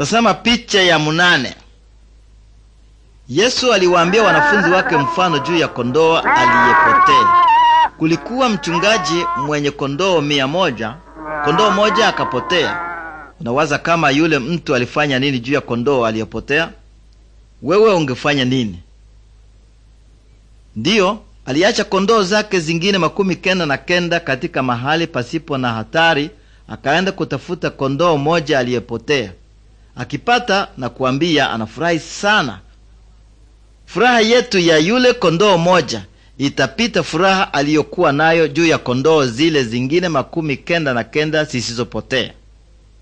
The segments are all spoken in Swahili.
Tasema picha ya munane. Yesu aliwaambia wanafunzi wake mfano juu ya kondoo aliyepotea. Kulikuwa mchungaji mwenye kondoo mia moja. Kondoo moja akapotea. Unawaza kama yule mtu alifanya nini juu ya kondoo aliyepotea? Wewe ungefanya nini? Ndiyo, aliacha kondoo zake zingine makumi kenda na kenda katika mahali pasipo na hatari, akaenda kutafuta kondoo moja aliyepotea. Akipata na kuambia anafurahi sana. Furaha yetu ya yule kondoo moja itapita furaha aliyokuwa nayo juu ya kondoo zile zingine makumi kenda na kenda zisizopotea.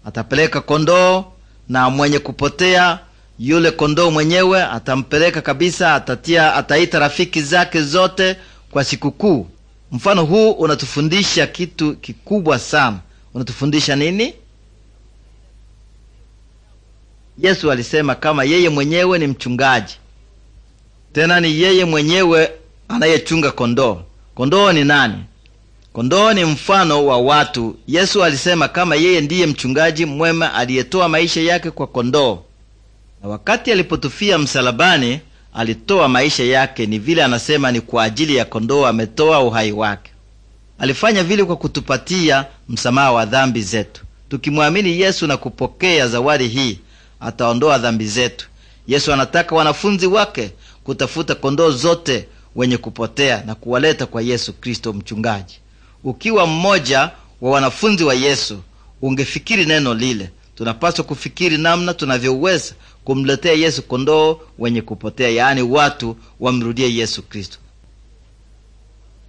Atapeleka kondoo na mwenye kupotea yule kondoo mwenyewe atampeleka kabisa, atatia, ataita rafiki zake zote kwa sikukuu. Mfano huu unatufundisha kitu kikubwa sana. Unatufundisha nini? Yesu alisema kama yeye mwenyewe ni mchungaji, tena ni yeye mwenyewe anayechunga kondoo. Kondoo ni nani? Kondoo ni mfano wa watu. Yesu alisema kama yeye ndiye mchungaji mwema aliyetoa maisha yake kwa kondoo, na wakati alipotufia msalabani alitoa maisha yake. Ni vile anasema ni kwa ajili ya kondoo ametoa uhai wake. Alifanya vile kwa kutupatia msamaha wa dhambi zetu. Tukimwamini Yesu na kupokea zawadi hii, ataondoa dhambi zetu. Yesu anataka wanafunzi wake kutafuta kondoo zote wenye kupotea na kuwaleta kwa Yesu Kristo mchungaji. Ukiwa mmoja wa wanafunzi wa Yesu, ungefikiri neno lile. Tunapaswa kufikiri namna tunavyoweza kumletea Yesu kondoo wenye kupotea, yaani watu wamrudie Yesu Kristo.